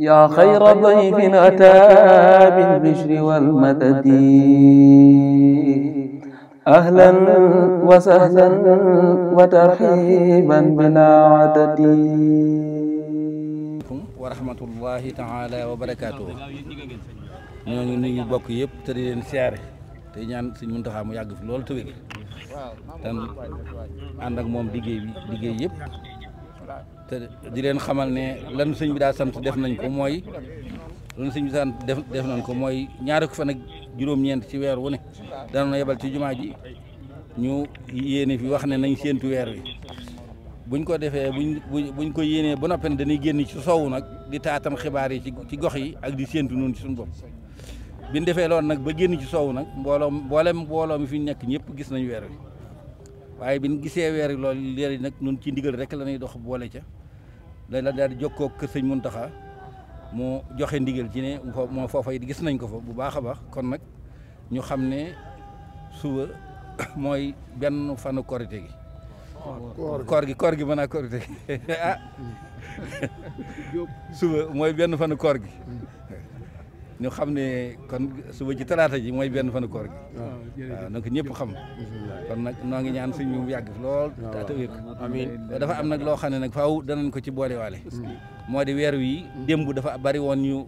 yaa xayra dayfin ataa bil bishri wal madadi ahlan wa sahlan wa tarxiiban bilaa adadi wa rahmatullahi taala wa barakaatu ñoo ngi nuyu bokk yëpp te di leen siyaare te ñaan Sëñ Muntaxa mu yàgg fi loolu te wér tan ànd ak moom liggéey bi liggéey yëpp te di leen xamal ne lan sëñ bi daa sant def nañ ko mooy lan sëñ sant def def nañ ko mooy ñaari ko fan ak juróom-ñeent ci weer wu ne dana yebal ci jumaa ji ñu yéene fi wax ne nañ séentu weer wi buñ ko defee bu buñ ko yéenee ba noppi dañuy génn ci soowu nag di taatam xibaar yi ci gox yi ak di séentu noonu ci suñu bi nu defee loolu nag ba génn ci soowu nag mbooloom mboolem mbooloo mi fi nekk ñëpp gis nañ weer wi waaye biñ gisee weer wi loolu léegi nag ñun ci ndigal rek la ñuy dox boole ca lay la daal di jokkoo kër sëñ Muntaxa mu joxe ndigal ci ne moo foofa it gis nañ ko fa bu baax a baax kon nag ñu xam ne suba mooy benn fanu korite gi koor gi koor gi mën naa korite gi ah. mm. suba mooy benn fanu koor gi mm. ñu xam ne kon suba ci talaata ji mooy benn fanu koor gi waaw ah, ah, donc ñëpp xam kon nag noo ngi ñaan suñu mu yàgg lool taata ah, wér dafa am nag loo xam ne nag faaw danañ ko ci boole waale mm. moo di weer wi bu dafa bari woon ñu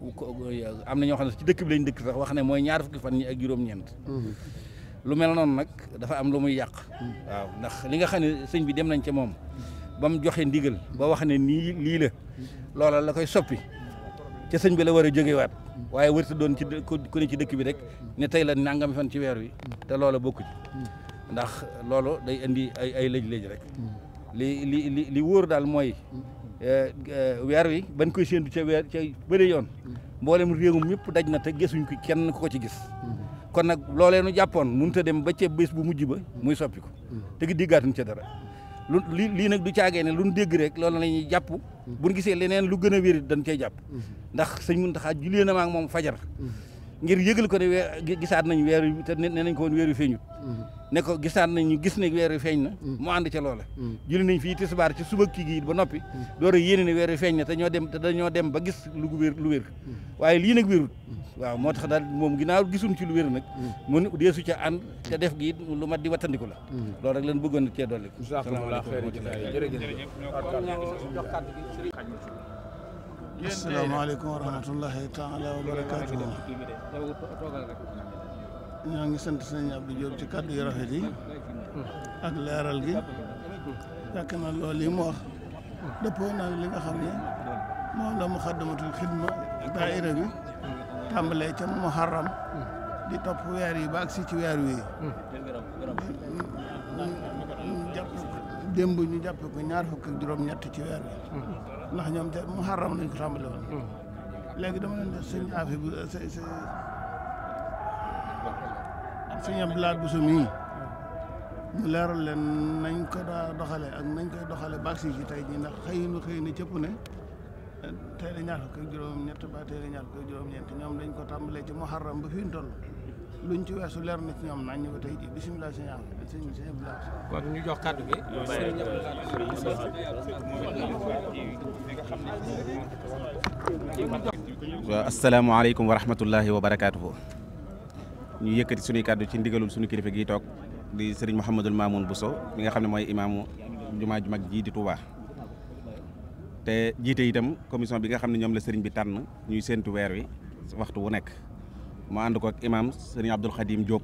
am na ñoo xam ne ci dëkk bi lañ dëkk wax ne mooy ñaar fukki fan ñi ak juróom mm. lu mel noonu nag dafa am lu muy yàq mm. ndax li nga xam ne sëñ bi dem nañ ci moom ba mu joxe ndigal ba wax ne nii lii la loola la koy soppi ca sëñ bi la war a jóge waat waaye wërta doon ci ku ne ci dëkk bi rek ne tey la nangam fan ci weer wi te loola bokku ci ndax loolu day indi ay ay lëj-lëj rek li li li li wóor daal mooy eh, eh, weer wi bañ koy séentu ca weer ca bëri yoon mboolem réewum yëpp daj na te gisuñ ko kenn ko ci gis kon nag loolee nu jàppoon mënut dem ba ca bés bu mujji ba muy soppi ko te diggaatuñ ca dara lu li lii nag du caagee ne lu ñu dégg rek loolu la ñuy jàpp mm-hmm. bu ñu gisee leneen lu gën a wér dañ cay jàpp mm-hmm. ndax sëñ Muntaxa jullee na ma ak moom fajar mm-hmm. ngir yëgal ko ne weer gisaat nañ weer te ne nañ ko woon weer feeñut mm-hmm. ne ko gisaat nañu gis ne weer feeñ na mm-hmm. mu ànd ca loola mm-hmm. julli nañ fii tisbaar ci suba kii gi ba noppi door a ne weer feeñ na te dem te dañoo dem ba gis lu wér lu wér waaye lii nag wérut waaw moo tax daal moom ginnaaw gisuñ ci lu wér nag mun deesu ca ànd te def gi lu mat di wattandiku la loolu rek lañ bëggoon cee dolli asalaamaaleykum wa rahmatullahi taala wa barakaatu ñoo ngi sant sëñ Abdou Diop ci kàddu yu rafet yi ak leeral gi fekk na loolu yi mu wax dëppoo na li nga xam ne moom la mu xaddamatul xidma daayira bi tàmbalee ca muharram di topp weer yi ba agsi ci weer wi jàpp démb ñu jàpp ko ñaar fukk ak juróom-ñett ci weer bi ndax ñoom te muharram lañ ko tàmbali woon léegi dama leen def sëñ leeral leen nañ ko daa doxale ak nañ koy doxale baax si ci tey jii ndax xëy na xëy na cëpp ne tey la ñaar fukk ak juróom-ñett ba tey la ñaar fukk ak juróom-ñeent ñoom dañ ko tàmbalee ci muharram ba fi ñu luñ ci weesu leer na ci ñoom nañ ñu ko tey jii wa rahmatullahi wa barakaatuhu. ñu yëkkati suñuy kàddu ci ndigalul suñu kilifa gi toog di sëriñ Mouhamadul bu Bousso mi nga xam ne mooy imaamu jumaa ju mag jii di Touba. te jiite itam commission bi nga xam ne ñoom la sëriñ bi tànn ñuy séentu weer wi waxtu wu nekk. mu ànd ko ak imaam sëriñ Abdul Xadim Diop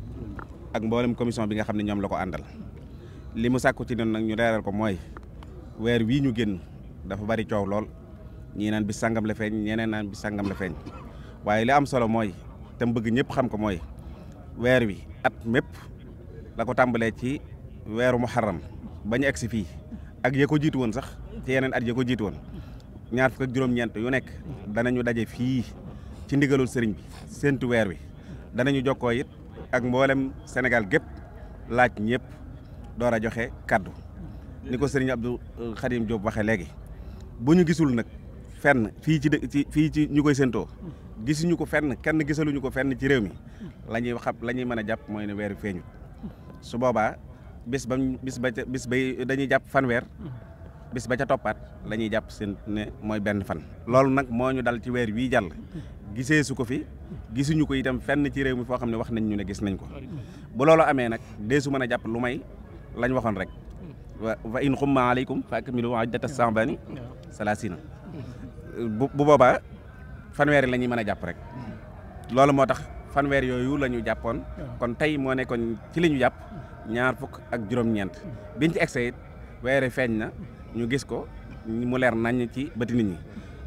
ak mboolem commission bi nga xam ne ñoom la ko àndal li mu sàkku ci noonu nag ñu leeral ko mooy weer wii ñu génn dafa bari coow lool ñii naan bi sangam la feeñ ñeneen bi sàngam la feeñ waaye li am solo mooy te bëgg ñëpp xam ko mooy weer wi at mépp la ko tàmbalee ci weeru muharram ba ñu egsi fii ak ya ko jiitu woon sax ci yeneen at ya ko jiitu ñaar fukk ak juróom-ñeent yu nekk danañu daje fii ci ndigalul sëriñ bi séntu weer wi danañu jokkoo it ak mboolem Sénégal gépp laaj ñëpp door a joxe kaddu ni ko sëriñ Abdou Khadim Diop waxee léegi bu ñu gisul nag fenn fii ci ci fii ci ñu koy séntoo gisuñu ko fenn kenn gisaluñu ko fenn ci réew mi lañuy ñuy xam la ñuy mën a jàpp mooy ne weer wi feeñut su boobaa bis ba ca bis bay dañuy jàpp fanweer bis ba ca toppaat lañuy jàpp seen ne mooy benn fan. loolu nag moo ñu dal ci weer wii jàll gisee su ko fi gisuñu ko itam fenn ci réew mi foo xam ne wax nañ ñu ne gis nañ ko bu loolu amee nag dee su mën a jàpp lu may lañ waxoon rek wa in xumma aleykum fa akmilu iddata sambani salaasina bu boobaa fanweer yi mën a jàpp rek loolu moo tax fanweer yooyu la jàppoon kon tey moo nekkoon ci li ñu jàpp ñaar fukk ak juróom-ñeent biñ ci egsee it weere feeñ na ñu gis ko mu leer nañ ci bëti nit ñi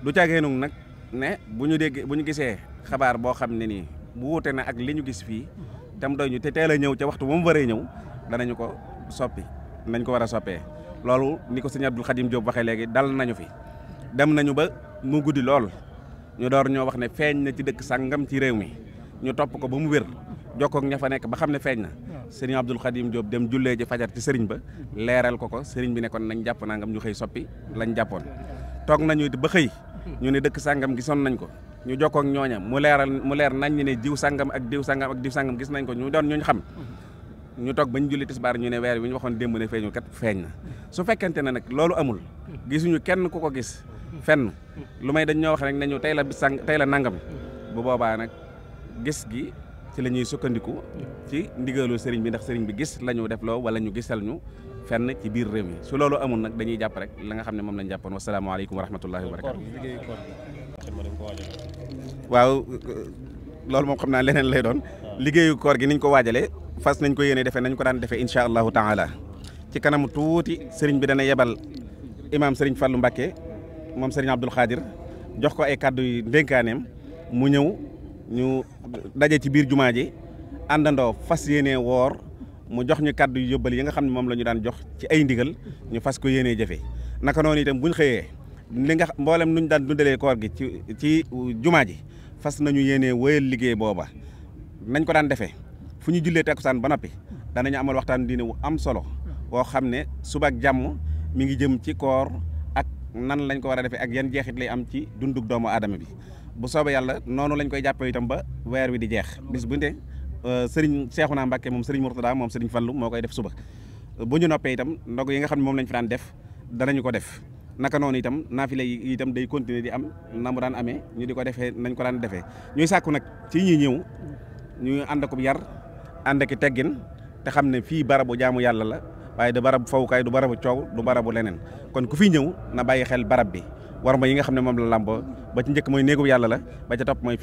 du caageenu nag ne bu ñu dégg bu ñu gisee xabaar boo xam ne nii bu wuute na ak li ñu gis fii tam doy ñu te teel a ñëw ca waxtu bu mu waree ñëw danañu ko soppi nañ ko war a soppee loolu ni ko sëñ Abdul Xadim jóob waxee léegi dal nañu fi dem nañu ba mu guddi lool ñu door ñoo wax ne feeñ na ci dëkk sàngam ci réew mi ñu topp ko ba mu wér jokkoog ña fa nekk ba xam ne feeñ na sëriñ Abdul Xadim Diop dem jullee ji fajar ci sëriñ ba leeral ko ko sëriñ bi nekkoon nañ jàpp nangam ñu xëy soppi lañ jàppoon toog nañu ba xëy ñu ne dëkk sàngam gisoon nañ ko ñu jokkoog ñooña mu leeral mu leer nañ ñu ne jiw sangam ak diw sàngam ak diw sàngam gis nañ ko ñu doon ñooñ xam ñu toog bañ julli tisbaar ñu ne weer wi ñu waxoon démb ne feeñu kat feeñ na su fekkente ne nag loolu amul gisuñu kenn ku ko gis fenn lu may dañ ñoo wax rek nañu tey la bis sàng tey la nangam bu boobaa nag gis gi ci la ñuy sukkandiku ci ndigalul sëriñ bi ndax sëriñ bi gis la ñu def loo wala ñu gisal ñu fenn ci biir réew mi su loolu amul nag dañuy jàpp rek la xam ne moom lañ jàppoon wasalaamaaleykum wa rahmatullahi wa barakatu waaw loolu moom xam naa leneen lay doon liggéeyu koor gi niñ ko waajalee fas nañ ko yéene defee nañ ko daan defee incha allahu taala ci kanamu tuuti sëriñ bi dana yebal imaam sëriñ Fallou Mbacké moom sëriñ Abdoul Khadir jox ko ay kàddu yu mu ñëw ñu daje ci biir jumaa ji àndandoo fas yéene woor mu jox ñu kàddu yóbbal yi xam ne moom la ñu daan jox ci ay ndigal ñu fas ko yéenee jëfe naka noonu itam ñu xëyee li nga mboolem nu ñu daan dundalee koor gi ci ci jumaa ji fas nañu yéenee wéyal liggéey booba nañ ko daan defee fu ñu jullee takkusaan ba noppi danañu amal waxtaan diine wu am solo woo xam ne subaak jàmm mi ngi jëm ci koor ak nan lañ ko war a defee ak yan jeexit lay am ci dundug doomu adama bi bu soobee yàlla noonu lañ koy jàppee itam ba weer wi di jeex bis bu Euh, sëriñ Cheikhouna Mbacké moom sëriñ Mourtada moom sëriñ Fallou moo koy def suba euh, boo ñu noppee itam ndog yi nga xam ne moom lañ fi daan def danañu ko def naka noonu itam naafile yi itam day continuer di am na mu daan amee ñu di ko defee nañ ko daan defee ñuy sàkku nag ci ñi ñëw ñu ànd ko yar ànd ki teggin te xam ne fii barabu jaamu yàlla la waaye du barabu fawukaay du barabu coow du barabu leneen kon ku fi ñëw na bàyyi xel barab bi war ma yi nga xam ne moom la làmboo ba ci njëkk mooy néegu yàlla la ba ca topp mooy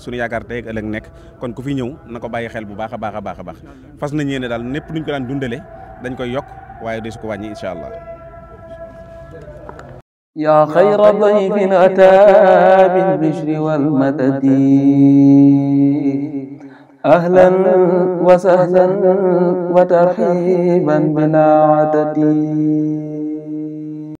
suñu yaakaar tey ak ëllëg nekk kon ku fi ñëw na ko bàyyi xel bu baax a baax a baax a baax fas nañ yéene daal népp nuñ ko daan dundale dañ koy yokk waaye du su ko wàññi incha allah yaa xayra dayfin ataa bil bishri wal madadi ahlan wa sahlan wa tarhiban bilaa